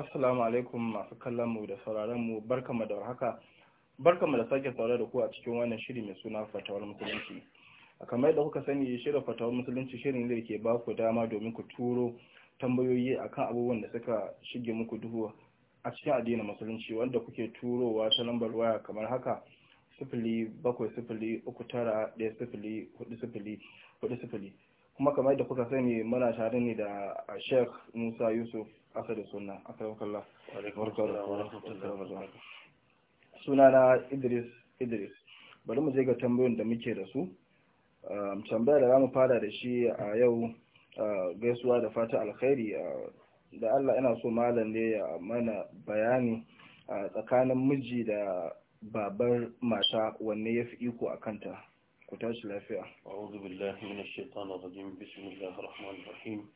assalamu alaikum masu kallon mu da sauraron mu barkamu da haka barkamu da sake saurare da ku a cikin wannan shiri mai suna fatawar musulunci a kamar da kuka sani shirin fatawar musulunci shirin da ke ba ku dama domin ku turo tambayoyi akan abubuwan da suka shige muku duhu a cikin addinin musulunci wanda kuke turowa ta lambar waya kamar haka sifili bakwai sifili uku tara ɗaya sifili hudu sifili hudu sifili kuma kamar da kuka sani muna tare ne da Sheikh Musa Yusuf Asadu Sunna kalla suna na Idris Idris bari mu je ga tambayoyin da muke da su tambaya da zamu fara da shi a yau gaisuwa da fata alkhairi da Allah yana so malam ne ya mana bayani tsakanin miji da babar mata wanne ya fi iko a kanta ku tashi lafiya. A'udhu billahi minash shaitani rajim. Bismillahir rahmanir rahim.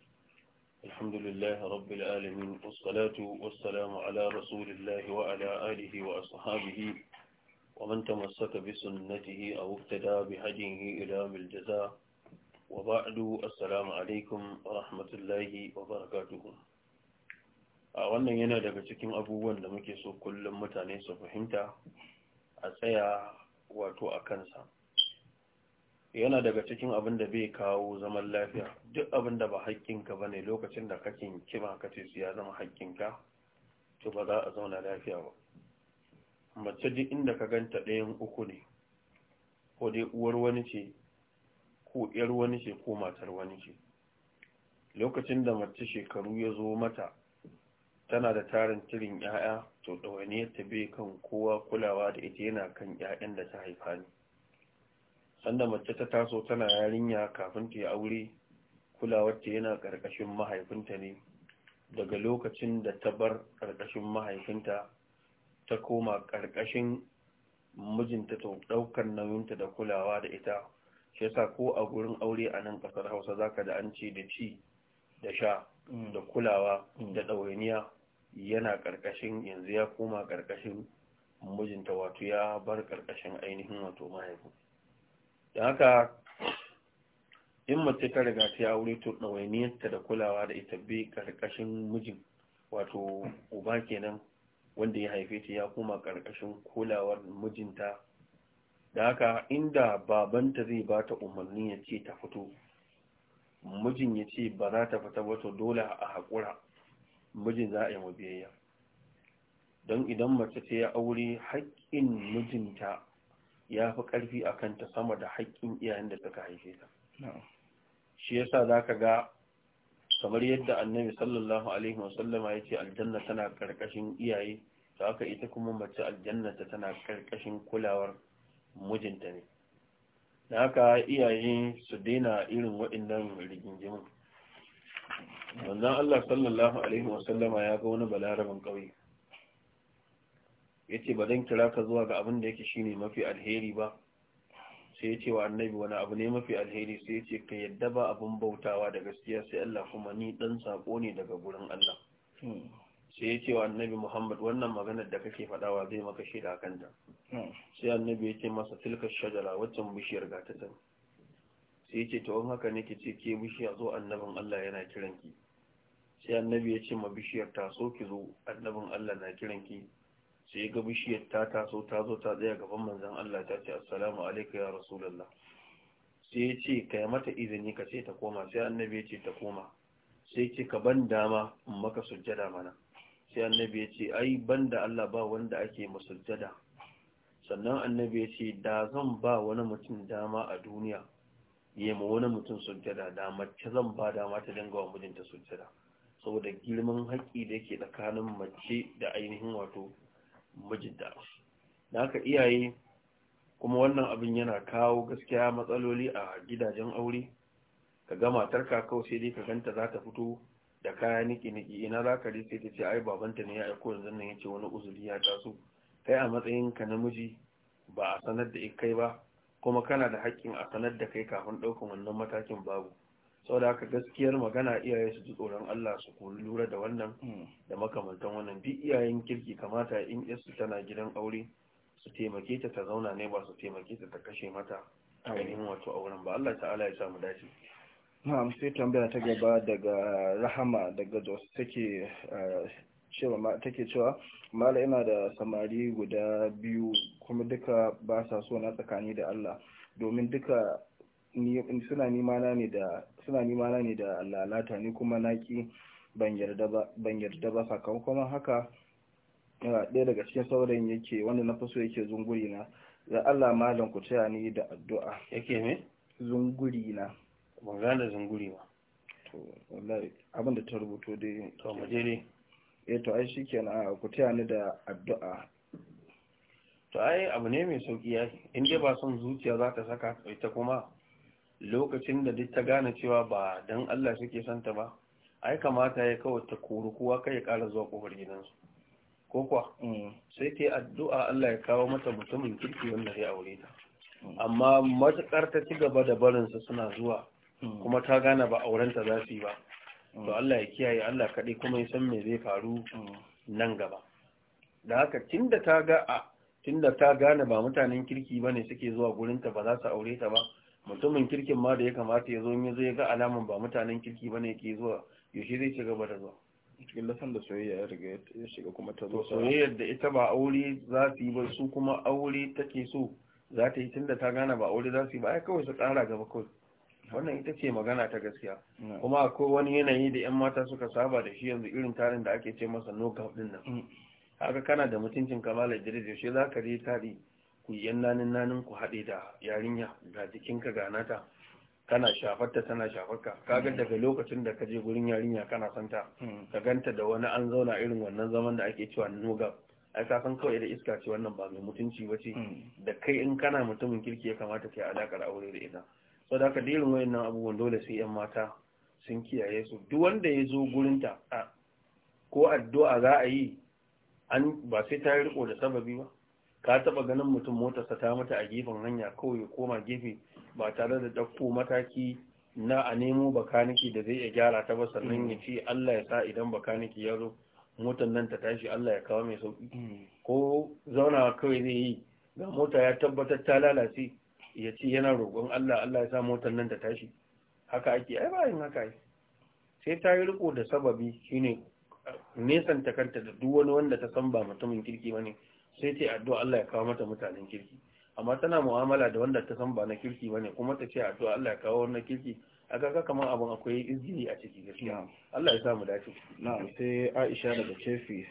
Alhamdulillah rabbil alamin. Wassalatu wassalamu ala rasulillahi wa ala alihi wa ashabihi wa man tamassaka bi sunnatihi aw ittada bi hadihi ila yawmil jaza. Wa ba'du assalamu alaikum rahmatullahi wa barakatuh. A wannan yana daga cikin abubuwan da muke so kullum mutane su fahimta a tsaya wato a kansa. yana daga cikin abin da bai kawo zaman lafiya duk abin da ba haƙƙinka ba ne lokacin da kake kima ka ce su ya zama haƙƙinka to ba za a zauna lafiya ba mace duk inda ka ganta ɗayan uku ne ko dai uwar wani ce ko ƴar wani ce ko matar wani ce lokacin da mace shekaru ya zo mata tana da tarin tirin 'ya'ya to ɗawainiyar ta bai kan kowa kulawa da ita yana kan 'ya'yan da ta haifa ne sanda mace ta taso tana yarinya kafin ta yi aure kulawarta yana karkashin mahaifinta ne daga lokacin da ta bar karkashin mahaifinta ta koma karkashin mijinta ta daukar nauyinta da kulawa da ita shi yasa ko a gurin aure a nan kasar hausa zaka da an ce da ci da sha mm. da kulawa mm. da ɗawainiya yana karkashin yanzu ya koma karkashin mijinta wato ya bar karkashin ainihin wato mahaifin da haka in mace ta riga ta aure to ɗawainiyarta da kulawa da ita bi ƙarƙashin mijin wato uba kenan wanda ya haife ta ya koma ƙarƙashin kulawar mijinta da haka inda babanta zai ba ta umarni ya ce ta fito mijin ya ce ba za ta fita wato dole a haƙura mijin za a yi mabiyayya don idan mace ta ya aure haƙƙin mijinta ya fi ƙarfi a kanta sama da haƙƙin iyayen da suka haife ta shi ya sa za ka ga kamar yadda annabi sallallahu alaihi wasallama ya ce aljanna tana ƙarƙashin iyaye za aka ita kuma mace aljanna ta tana ƙarƙashin kulawar mijinta ne da haka iyaye su daina irin waɗannan rigingimin wannan Allah sallallahu alaihi wasallama ya ga wani balarabin ƙauye ya ce ba don kira ka zuwa ga abin da yake shine mafi alheri ba sai ya ce wa annabi wani abu ne mafi alheri sai ya ce ka yadda ba abin bautawa da gaskiya sai Allah kuma ni dan sako ne daga gurin Allah sai ya ce wa annabi Muhammad wannan maganar da kake faɗawa zai maka shi da kanta sai annabi ya ce masa tilka shajara waccan bishiyar ga ta sai ya ce to Wani haka nake ce ke bishiya zo annabin Allah yana kiranki sai annabi ya ce ma bishiyar ta so ki zo annabin Allah na kiranki sai ga bishiyar ta taso ta zo ta tsaya gaban manzon Allah ta ce assalamu alayka ya rasulullah sai ya ce kai mata izini ka ce ta koma sai annabi ya ce ta koma sai ce ka ban dama in maka sujjada mana sai annabi ya ce ai banda Allah ba wanda ake musujjada sannan annabi ya ce da zan ba wani mutum dama a duniya ya ma wani mutum sujjada da mace zan ba dama ta dinga wa mijinta sujjada saboda girman haƙƙi da yake tsakanin mace da ainihin wato majidda da haka iyaye kuma wannan abin yana kawo gaskiya matsaloli a gidajen aure ka ga matarka kawai sai dai ka ganta za ta fito da kaya niki-niki ina za ka sai ta ce ai babanta ne ya aiko yanzu nan ya ce wani uzuri ya taso kai a matsayin ka namiji ba a sanar da kai ba kuma kana da haƙƙin a sanar da kai kafin ɗaukan wannan matakin babu saboda haka gaskiyar magana iyaye su ji tsoron Allah su kori lura da wannan da makamantan wannan duk iyayen kirki kamata in yasu tana gidan aure su taimake ta ta zauna ne ba su taimake ta ta kashe mata ainihin wato auren ba Allah ta'ala ya samu dace na'am sai tambaya ta gaba daga rahama daga jos take ah, cewa take cewa mala ina da samari guda biyu kuma duka ba sa so na tsakani da Allah domin duka suna nimana ne da ne da lalata ni kuma naki ban yarda ba sakamakon haka ɗaya daga cikin saurayin yake wanda na faso yake zunguri na za Allah malam ku taya ni da addu'a yake ne zunguri na ban gane zunguri ba to wallahi abinda ta rubuto dai to mu eh to ai shikenan ku taya ni da addu'a to ai abu ne mai sauki ya in dai ba son zuciya za ta saka ita kuma lokacin da duk ta gane cewa ba don Allah suke santa ba ai kamata ya kawai ta kori kowa kai ya kara zuwa ƙofar gidansu ko kuwa mm. sai ta addu'a Allah ya kawo mata mutumin kirki wanda ya aure ta mm. amma matuƙar ta ci gaba da barinsa suna zuwa mm. kuma ta gane ba aurenta za su yi ba to Allah ya kiyaye Allah kaɗai kuma ya san me zai faru nan gaba da haka da ta ga a da ta gane ba mutanen kirki ba ne suke zuwa gurinta ba za su aure ta ba mutumin kirkin ma da ya kamata ya zo mai zai ga alamun ba mutanen kirki bane ke zuwa yaushe zai shiga ba da zuwa cikin lasan da soyayya ya riga ya shiga kuma ta zo soyayyar da ita ba aure za su yi ba su kuma aure take so za ta yi tun da ta gane ba aure za su yi ba ai kawai su tsara gaba kawai wannan ita ce magana ta gaskiya kuma akwai wani yanayi da yan mata suka saba da shi yanzu irin tarin da ake ce masa no gap din nan mm. haka kana da mutuncin kamala idris yaushe za ka je tari ku yan nanin nanin ku haɗe da yarinya ga jikinka ga nata kana shafarta tana shafarka ga daga lokacin da ka je gurin yarinya kana santa ka ganta da wani an zauna irin wannan zaman da ake cewa noga ai ka san kawai da iska ce wannan ba mai mutunci ba ce da kai in kana mutumin kirki ya kamata ka yi aure da ita sau da ka irin wayannan abubuwan dole sai yan mata sun kiyaye su duk wanda ya zo gurin ta ko addu'a za a yi an ba sai ta riko da sababi ba ka taba ganin mutum motarsa ta mata a gefen hanya kawai ya koma gefe ba tare da ɗauko mataki na a nemo bakaniki da zai iya gyara ta ba sannan ya ce Allah ya sa idan bakaniki ya zo motar nan ta tashi Allah ya kawo mai sauki ko zauna kawai zai yi ga mota ya tabbatar ta lalace ya ce yana roƙon Allah Allah ya sa motar nan ta tashi haka ake ai bayan haka ai sai ta yi riko da sababi shine nesanta kanta da duk wani wanda ta san ba mutumin kirki bane sai ta addu'a Allah ya kawo mata mutanen kirki amma tana mu'amala da wanda ta san ba na kirki bane kuma ta ce addu'a Allah ya kawo na kirki a kaga kamar abin akwai izini a ciki gaskiya Allah ya sa mu dace na'am sai Aisha daga Kefi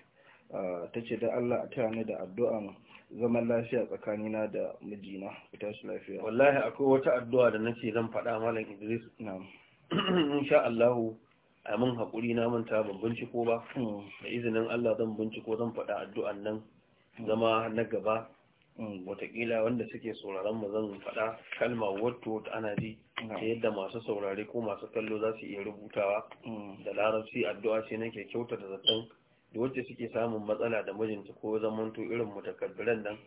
ah, ta ce da Allah a da addu'a zaman lafiya tsakanina da mijina ku shi lafiya wallahi akwai wata addu'a da nace zan faɗa malam Idris na'am insha Allah a mun hakuri na manta babban binciko ba hmm. da izinin Allah zan binciko zan faɗa addu'an nan zama na gaba mm, Wataƙila wanda suke sauraron mu zan faɗa kalma wato wata ana ji ta yadda masu saurare ko masu kallo za su iya rubutawa mm. da larabci addu'a ce nake kyauta da zaton da wacce suke samun matsala da mijinta ko zamanto irin mutakabbiran nan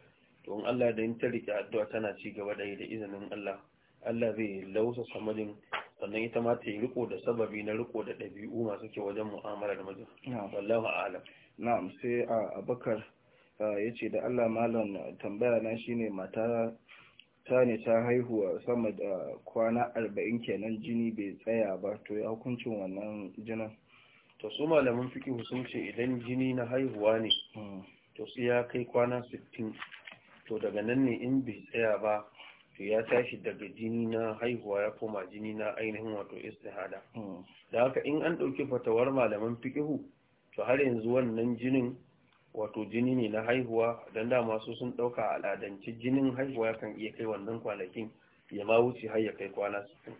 to in Allah da yin ta rike addu'a tana ci gaba da yi da izinin Allah Allah zai lausa samajin. sannan ita ma ta yi riko da sababi na riko da ɗabi'u masu ke wajen mu'amala da mijin wallahu a'lam na'am sai a ah, abakar Ah, ya ce da Allah malam tambaya na shine mata ta ne ta haihuwa sama da kwana arba'in kenan jini bai tsaya ba to ya hukuncin wannan jinin to su malaman fikihu sun ce idan jini na haihuwa ne hmm. to su ya kai kwana sittin to daga nan ne in bai tsaya ba to ya tashi daga jini na haihuwa ya koma jini na ainihin wato istihada hmm. da haka in an ɗauki fatawar malaman fikihu to har yanzu wannan jinin wato jini ne na haihuwa don dama su sun ɗauka al'adanci jinin haihuwa kan iya kai wannan kwanakin ya ma wuce har ya kai kwana sittin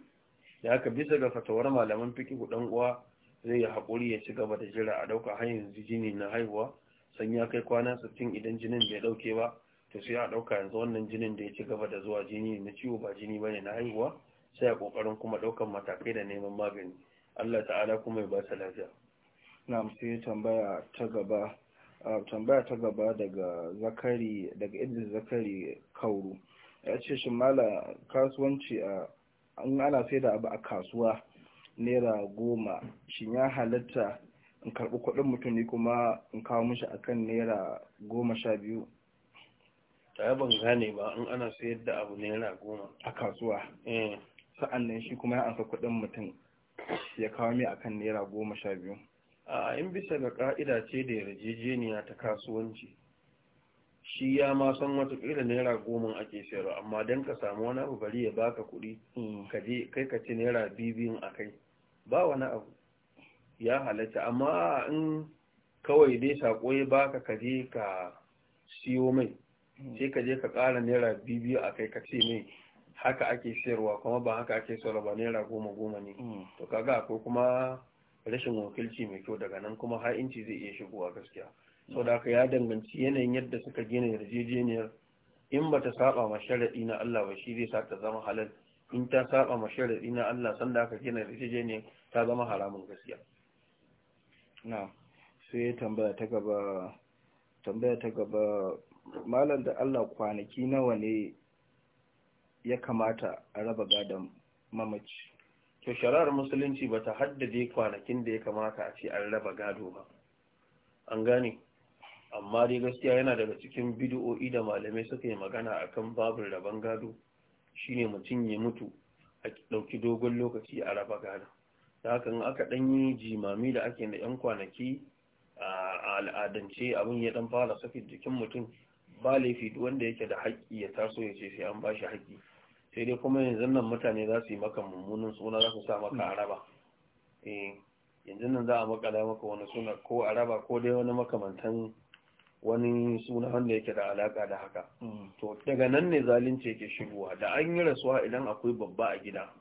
da haka bisa ga fatawar malaman fiki dan uwa zai yi haƙuri ya ci gaba da jira a ɗauka har yanzu jini na haihuwa san ya kai kwana sittin idan jinin bai ɗauke ba to sai a ɗauka yanzu wannan jinin da ya ci gaba da zuwa jini na ciwo ba jini bane na haihuwa sai a ƙoƙarin kuma ɗaukan matakai da neman magani Allah ta'ala kuma ya ba ta lafiya. Na sai tambaya ta gaba tambaya ta gaba daga zakari daga inda zakari kauru ya ce shi mala kasuwanci a an ana sai da abu a kasuwa naira goma shi ya halatta in karɓi kuɗin mutum ne kuma in kawo mishi akan naira goma sha biyu ta ban gane ba in ana sayar da abu naira goma a kasuwa eh. sa'an nan shi kuma ya ansa kuɗin mutum ya kawo mai akan naira goma sha biyu a in bisa ga ka'ida ce da yarjejeniya ta kasuwanci shi ya ma san watakila naira goma ake sayarwa amma don ka samu wani abu bari ya baka kuɗi mm. kaje kai ka ci naira bibin a kai ba wani abu ya halatta amma in kawai dai sako ya baka ka ka siyo mai mm. sai ka ka ƙara naira bibiyu a kai ka ce mai haka ake sayarwa kuma ba haka ake sayarwa ba naira goma goma ne mm. to kaga akwai kuma rashin wakilci mai kyau daga nan kuma ha'inci zai iya shigo a gaskiya mm. sau da aka ya danganci yanayin yadda suka gina yarjejeniyar in ba ta saba ma sharaɗi na Allah ba shi zai sa zama halal in ta saba ma sharaɗi na Allah sanda aka gina yarjejeniyar ta zama haramun gaskiya na sai tambaya ta gaba tambaya ta gaba malam da Allah kwanaki nawa ne ya kamata a raba gadon mamaci to sharar musulunci ba ta haddade kwanakin da ya kamata a ce an raba gado ba an gane amma dai gaskiya yana daga cikin bidiyo'i da malamai suka yi magana a akan babin raban gado shine mutum ya mutu a ɗauki dogon lokaci a raba gado da haka in aka yi jimami da ake da 'yan kwanaki a al'adance abin ya ɗan fara sakin jikin mutum ba laifi wanda yake da haƙƙi ya taso ya ce sai an ba shi haƙƙi sai dai kuma yanzu nan mutane za su yi maka mummunan suna za su sa maka mm. araba eh, yanzu nan za a makala maka wani suna ko araba ko dai wani makamantan wani suna wanda yake da alaka da haka mm. to daga nan ne zalunci yake shigowa da an yi rasuwa idan akwai babba a gida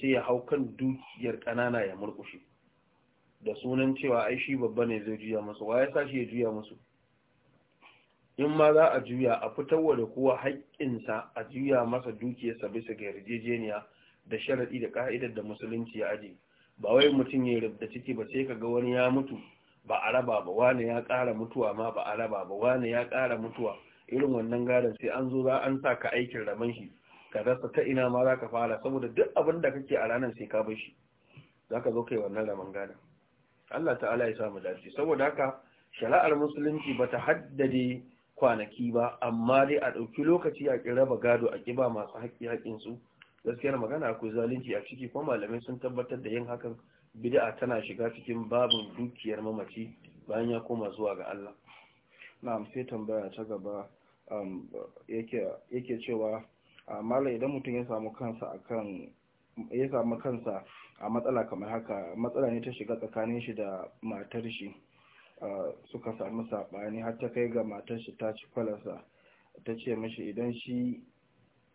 sai ya hau kan dukiyar ƙanana ya murkushe da sunan cewa ai shi babba ne zai juya musu wa ya sa shi ya juya musu in ma za a juya a fitar da kowa haƙƙinsa a juya masa dukiyarsa bisa ga yarjejeniya da sharaɗi da ƙa'idar da musulunci ya aje ba wai mutum ya rubda ciki ba sai kaga wani ya mutu ba a raba ba wani ya ƙara mutuwa ma ba a raba ba wani ya ƙara mutuwa irin wannan gadon sai an zo za an sa ka aikin raman shi ka rasa ta ina ma za ka fara saboda duk abin da kake a ranar sai ka bar shi za ka zo kai wannan raman gadon Allah ta'ala ya samu dace saboda haka shari'ar musulunci ba ta haddade kwanaki ba amma dai a ɗauki lokaci a ƙira ba gado a kiba masu haƙƙi su gaskiyar magana akwai zalunci a ciki kuma malamai sun tabbatar da yin hakan bid'a tana shiga cikin babin dukiyar mamaci bayan ya koma zuwa ga Allah na'am sai tambaya ta gaba um, yake cewa ah, malam idan mutum ya samu kansa akan ya samu kansa a matsala kamar haka matsala ne ta shiga tsakanin shi da matar shi Eh, suka samu saɓani har ta kai ga matar shi ta ci kwalasa ta ce mashi idan shi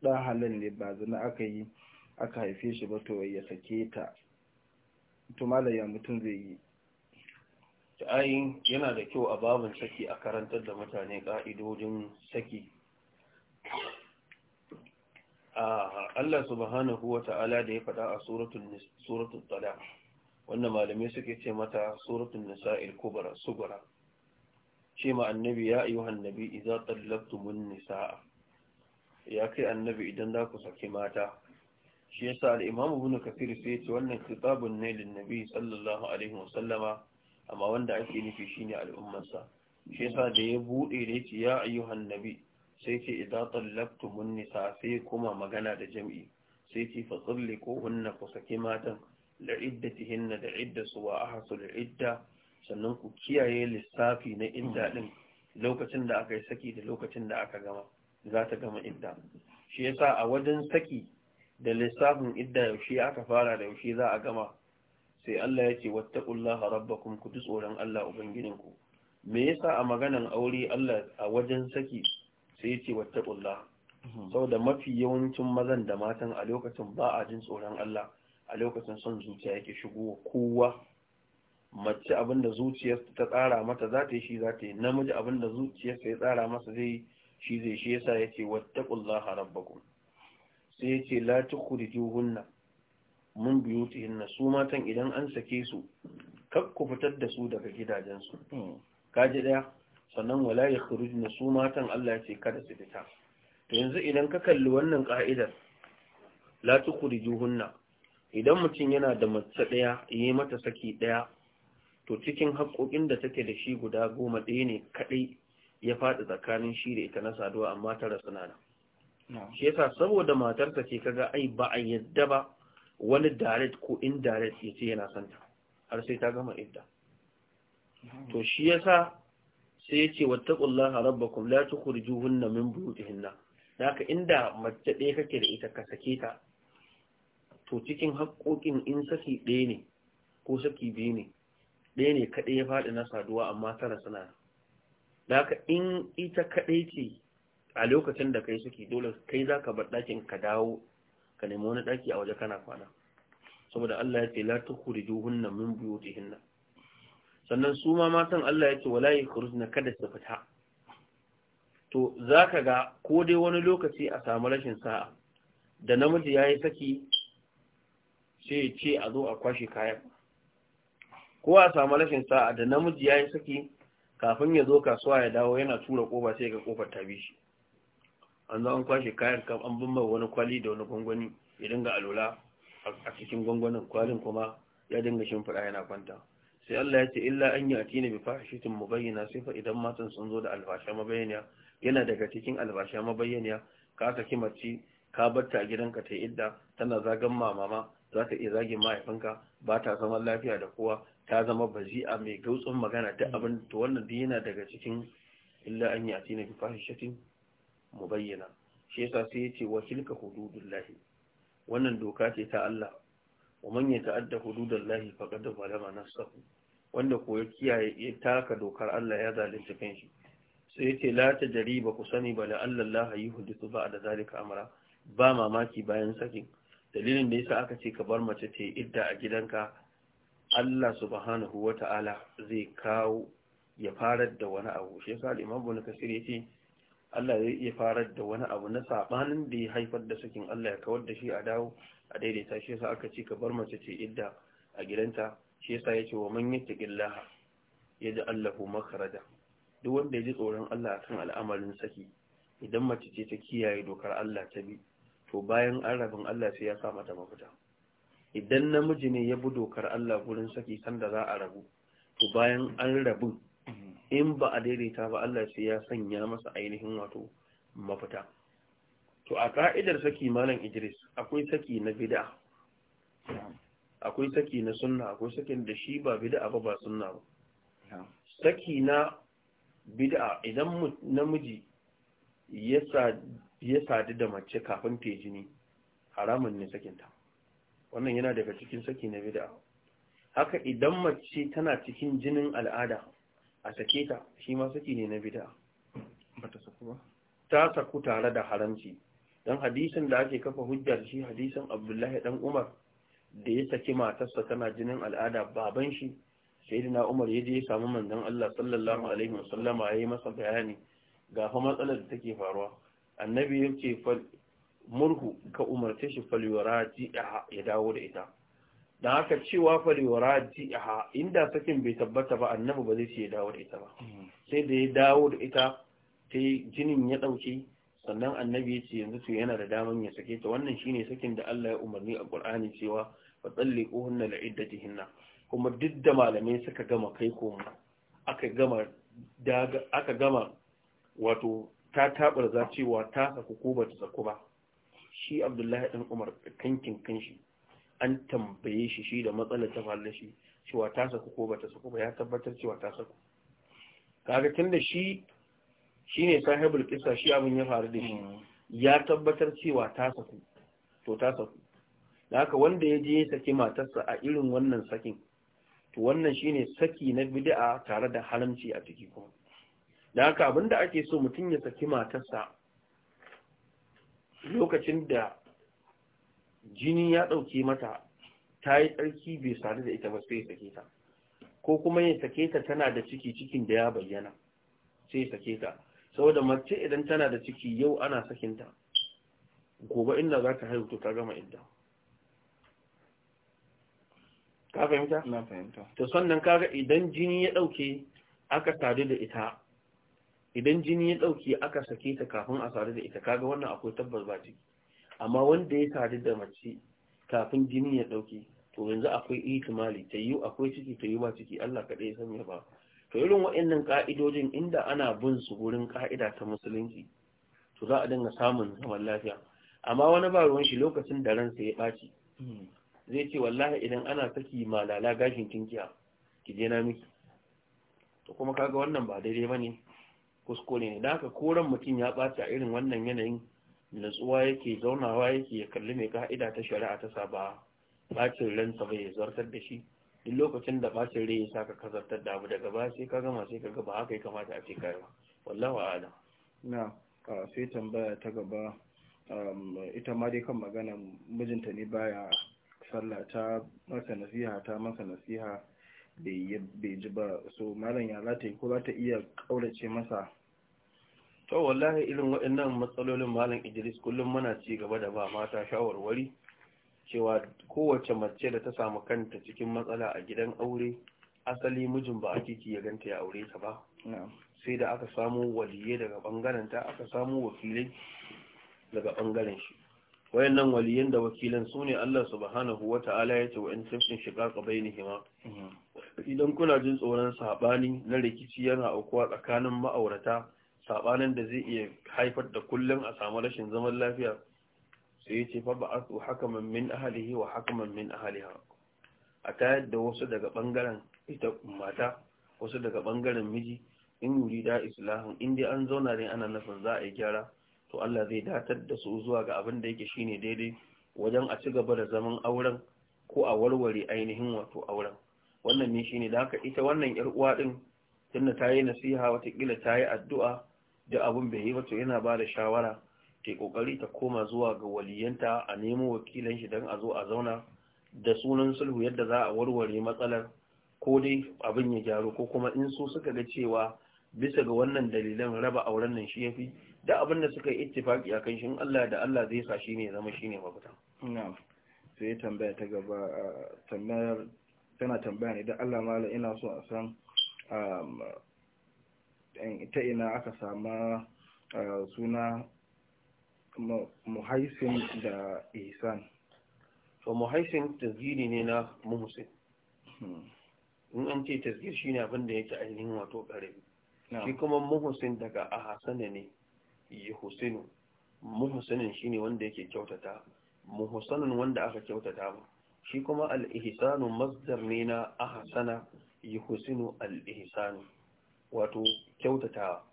ɗan halin ne ba zina aka yi aka haife shi ba to ya sake ta to ya mutum zai yi ayin yana da kyau a babin saki a karantar da mutane ƙa'idodin saki ah, Allah subhanahu wa ta'ala da ya faɗa a suratul talaq Wannan malamai suke ce mata suratul nisa'il kubra sugura ce ma annabi ya ayyuha annabi idza tallaqtumun nisaa ya kai annabi idan za ku saki mata shi yasa al-imamu ibn kathir sai ce wannan kitabun ne lin nabi sallallahu alaihi sallama. amma wanda ake nufi shine al'ummarsa shi yasa da ya bude da yace ya yi nabi sai ce idza tallaqtumun nisaa sai kuma magana da jam'i sai ce fa ko hunna ku saki matan da iddatihinna da su wa ahsu da idda sannan ku kiyaye lissafi na idda din lokacin da aka yi saki da lokacin da aka gama za ta gama idda shi yasa a wajen saki da lissafin idda yaushe aka fara da yaushe za a gama sai Allah ya ce wattaqullaha rabbakum ku tsoron Allah ubangijinku me yasa a maganan aure Allah a wajen saki sai ya ce wattaqullaha saboda mafi yawancin mazan da matan a lokacin ba a jin tsoron Allah a lokacin son zuciya yake shigowa kowa mace abinda zuciyarsa ta tsara mata za ta yi shi za ta yi namiji abinda zuciyarsa ya tsara masa zai shi zai shi yasa ya ce wattaqullaha rabbakum sai ya ce la juhunna mun biyutihinna su matan idan an sake su kak ku fitar da su daga gidajensu hmm. kaji ɗaya, sannan wala ya Na su matan Allah ya ce kada su fita to yanzu idan ka kalli wannan ka'idar la juhunna idan mutum yana da mace ɗaya yi mata saki ɗaya to cikin haƙoƙin da take da shi guda goma ɗaya ne kaɗai ya faɗi tsakanin shi da ita na saduwa amma tara suna nan shi yasa saboda matarsa ce kaga ai ba a yadda ba wani direct ko indirect ya ce yana santa har sai ta gama idda to mm-hmm. shi yasa sai ya ce wattaqullaha rabbakum la tukhrijuhunna min hinna naka inda mace ɗaya kake da ita ka sake ta to cikin haƙoƙin in saki ɗaya ne ko saki biyu ne ɗaya ne kaɗai ya faɗi na saduwa amma tara suna da haka in ita kaɗai ce a lokacin da kai saki, dole kai za ka bar ɗakin ka dawo ka nemi wani ɗaki a waje kana kwana saboda Allah ya ce la hunna min buyutihinna sannan su ma matan Allah ya ce wala yakhrujna kada su fita to zaka ga ko dai wani lokaci a samu rashin sa'a da namiji yayi saki sai ce a zo a kwashe kayan ko a samu rashin sa'a da namiji ya yi saki kafin ya zo kasuwa ya dawo yana tura koba sai ga kofar ta bi shi an zo an kwashe kayan kam an bin wani kwali da wani gwangwani ya dinga alola a cikin gwangwanin kwalin kuma ya dinga shimfiɗa yana kwanta sai Allah ya ce illa an yi atina bi fahishatin mubayyana sai fa idan matan sun zo da albasha mabayyana yana daga cikin albasha mabayyana ka saki mace ka batta a gidanka ta idda tana zagan mamama za ta iya zagin mahaifinka ba ta zaman lafiya da kowa ta zama a mai gautsun magana ta mm. abin to wannan da yana daga cikin illa an yi a tina mu bayyana shi yasa sai ya ce wa tilka lahi wannan doka ce ta Allah wa man yata'adda hududallahi faqad zalama nafsahu wanda ko ya kiyaye ya taka dokar Allah ya zalunci kanshi sai ya ce la tajriba ku sani bala Allah la yuhdithu da zalika amra ba mamaki bayan sakin dalilin da yasa aka ce ka bar mace ta idda a gidanka Allah subhanahu wata'ala zai kawo ya farar da wani abu shi yasa imam Ibn Kathir yace Allah zai iya farar da wani abu na sabanin da ya haifar da sakin Allah ya kawar da shi a dawo a daidaita shi yasa aka ce ka bar mace ce idda a gidanta shi yasa yace wa man yattaqillaha yaj'al lahu makhraja duk wanda ya ji tsoron Allah akan al'amarin saki idan mace ce ta kiyaye dokar Allah ta bi to bayan an rabin Allah sai ya sa mata mafita idan namiji ne ya bi dokar Allah gurin saki sanda za a rabu to bayan an rabu in ba a daidaita ba Allah sai ya sanya masa ainihin wato mafita to a ka'idar saki malam Idris akwai saki na bid'a akwai saki na sunna akwai sakin da shi ba bid'a ba ba sunna ba saki na bid'a idan namiji ya sa ya sadu da mace kafin ta jini haramun ne sakinta wannan yana daga cikin saki na bid'a haka idan mace tana cikin jinin al'ada a sake ta shi ma saki ne na bid'a bata saku ba ta saku tare da haramci dan hadisin da ake kafa hujjar shi hadisin Abdullahi dan Umar da ya saki matarsa tana jinin al'ada baban shi sayyidina Umar ya je ya samu manzon Allah sallallahu alaihi wasallama yayi masa bayani ga fa matsalar da take faruwa annabi yake ce murhu ka umarce shi faliwara ji'aha ya dawo da ita don haka cewa faliwara ji'aha inda sakin bai tabbata ba annabi ba zai ce ya dawo da ita ba hmm. sai da ya dawo da ita ta jinin ya ɗauke sannan annabi ya yanzu to yana da daman ya sake ta wannan shine sakin da Allah ya umarni a Qur'ani cewa fa talliquhunna li'iddatihinna kuma duk da malamai suka gama kai koma aka gama aka gama wato ta tabar za cewa ta saku ko ba ta saku ba shi abdullahi ɗan umar kankin kanshi an tambaye shi shi da matsalar ta falle shi cewa ta saku ko ba ta saku ba ya tabbatar cewa ta saku kaga tunda shi shine sahibul kisa shi abin ya faru da shi hmm. ya tabbatar cewa ta saku to ta saku da haka wanda ya je ya saki matarsa a irin wannan sakin to wannan shine saki na bid'a tare da haramci a ciki kuma da haka abinda ake so mutum ya saki matarsa lokacin da jini ya ɗauke mata ta yi tsarki bai sadu da ita ba sai ya sake ta ko kuma ya sake ta tana da ciki cikin da ya bayyana sai ya sake ta saboda mace idan tana da ciki yau ana sakinta gobe inda za ta haihu to ta gama idda ka fahimta? na fahimta to sannan kaga idan jini ya ɗauke aka sadu da ita idan jini ya ɗauki, aka sake ta kafin a sadu da ita kaga wannan akwai tabbas ba ciki amma wanda ya sadu da mace kafin jini ya ɗauki, to yanzu akwai ihtimali ta yiwu akwai ciki ta yi ba ciki Allah kaɗai ya sanya ba to irin waɗannan ƙa'idojin inda ana bin su gurin ƙa'ida ta musulunci to za a dinga samun zaman lafiya amma wani ba ruwan shi lokacin da ransa ya ɓaci zai ce wallahi idan ana saki malala gashin kinkiya ki je na miki to kuma kaga wannan ba daidai bane kuskure ne da haka koren mutum ya bata irin wannan yanayin natsuwa yake zaunawa yake ya kalli mai ka'ida ta shari'a ta saba ɓacin ransa bai zartar da shi duk lokacin da ɓacin rai ya sa ka kazartar da abu daga ba sai ka gama sai ka ga ba haka ya kamata a ce kai ba wallahu na sai tambaya ta gaba ita ma dai kan magana mijinta ne baya sallah ta masa nasiha ta masa nasiha bai ji ba so malam ya za ta yi ko za ta iya kaurace masa to wallahi irin waɗannan matsalolin malam Idris kullum muna ci gaba da ba mata shawarwari cewa kowace mace da ta samu kanta cikin matsala a gidan aure asali mijin ba akiki ya ganta ya aure ta ba sai da aka samu waliye daga bangaren ta aka samu wakilai daga bangaren shi wayannan waliyan da wakilan su ne Allah subhanahu wata'ala ya ce wa in tafsin shiga qabainihima mhm. idan kuna jin tsoron sabani na rikici yana aukuwa tsakanin ma'aurata sabanin da zai iya haifar da kullum a samu rashin zaman lafiya sai ya ce fa ba'athu hakaman min ahlihi wa hakaman min ahliha a tayar da wasu daga bangaren ita mata wasu daga bangaren miji in yuri da islahin inda an zauna ne ana nufin za a yi gyara to Allah zai datar da su zuwa ga abin da yake shine daidai wajen a ci gaba da zaman auren ko a warware ainihin wato auren wannan ne shine da haka ita wannan yar uwa din tunda ta yi nasiha watakila ta yi addu'a da abun bai yi ba yana ba da shawara ta kokari ta koma zuwa ga waliyanta a nemo wakilan shi don a zo a zauna da sunan sulhu yadda za a warware matsalar ko dai abin ya gyaru ko kuma in su suka ga cewa bisa ga wannan dalilan raba auren nan shi ya fi da abin da suka yi ittifaki a kan shin Allah da Allah zai sa shi ne zama shi ne mafita. Sai tambaya ta gaba ah, tambayar tana tambaya ne da Allah mala ina so a san ah, ta ina aka sama suna muhaisin da ihsan to muhaisin tasgiri ne na muhusin hmm. in an ce tasgir shi ne abin da yake ainihin wato ƙarami shi kuma muhusin daga a hasana ne yi husinu muhsinin shi ne wanda yake kyautata muhsanin wanda aka kyautata ba shi kuma al-ihsanu masdar ne na hasana yi husinu al-ihsanu wato kyautatawa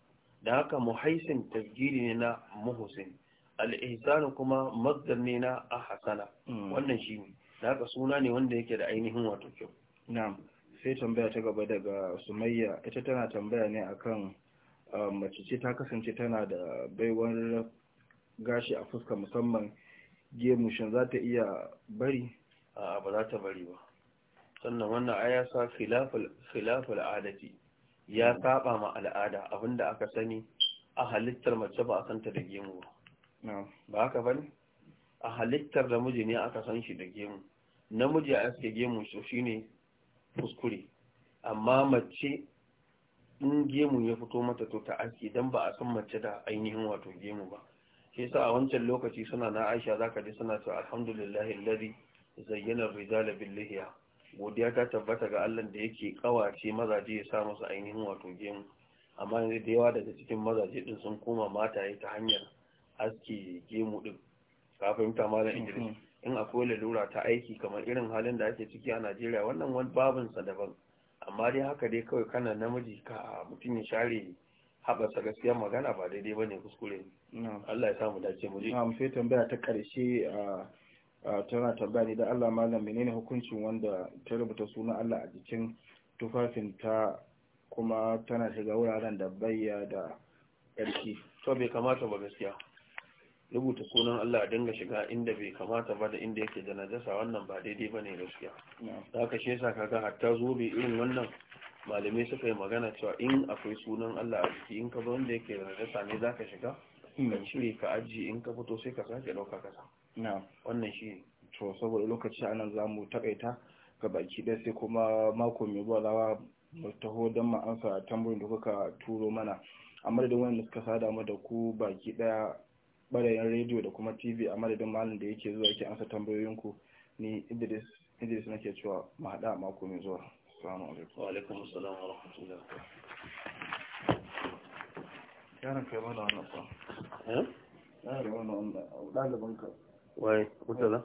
da haka muhaisin tasgiri ne na muhusin al kuma mazdar ne na hasana mm. wannan shi ne da haka suna ne wanda yake da ainihin wato kyau na'am sai tambaya ta gaba daga sumayya ita tana tambaya ne akan ah, mace ce ta kasance tana da baiwar gashi a fuska musamman gemu za ta iya bari a ba za ta bari ba sannan wannan aya sa khilaful adati ya saba ma al'ada abinda aka sani a halittar mace ba a santa da gemu ba ba haka bane a halittar da miji ne aka san shi da gemu namiji a aske gemu so shine kuskure amma mace in gemu ya fito mata to ta aski dan ba a san mace da ainihin wato gemu ba shi yasa a wancan lokaci suna na Aisha zaka ji suna cewa alhamdulillahi allazi zayyana ar-rijala godiya ta tabbata ga Allah da yake kawace mazaje ya sa musu ainihin wato gemu amma yanzu da yawa daga cikin mazaje din sun koma mataye ta hanyar aski gemu din ka fahimta malam Idris mhm. in akwai lalura ta aiki kamar irin halin da ake ciki a Najeriya wannan wani babin sa daban amma dai haka dai kawai kana namiji ka mutum ya share haɓasa gaskiya magana ba daidai bane kuskure Allah ya samu dace mu je. amma sai tambaya ta karshe a ah, tana tambaya ne da Allah malam menene hukuncin wanda ta rubuta sunan Allah a jikin tufafinta kuma tana shiga wuraren da bayya da ƙarfi to bai kamata ba gaskiya rubuta sunan Allah dinga shiga inda bai kamata ba da inda yake da najasa wannan ba daidai bane gaskiya da haka shi yasa kaga hatta zobe irin wannan malamai suka yi magana cewa in akwai sunan Allah a jiki in ka zo wanda yake da najasa ne zaka shiga ka hmm. cire ka aji in ka fito sai ka sake dauka kasa na wannan shi to saboda lokaci nan za mu takaita ga baki ɗaya sai kuma mako mai zuwa zawa mu taho don mu amsa tambayoyin da kuka turo mana a madadin wanda suka sada mu da ku baki ɗaya ɓarayin rediyo da kuma tv a madadin malin da yake zuwa yake amsa tambayoyinku ni idris idris nake cewa mu haɗa mako mai zuwa assalamu alaikum wa alaikum assalam wa rahmatullah yaran kai mana wannan fa eh yaran wannan ka. waye mutala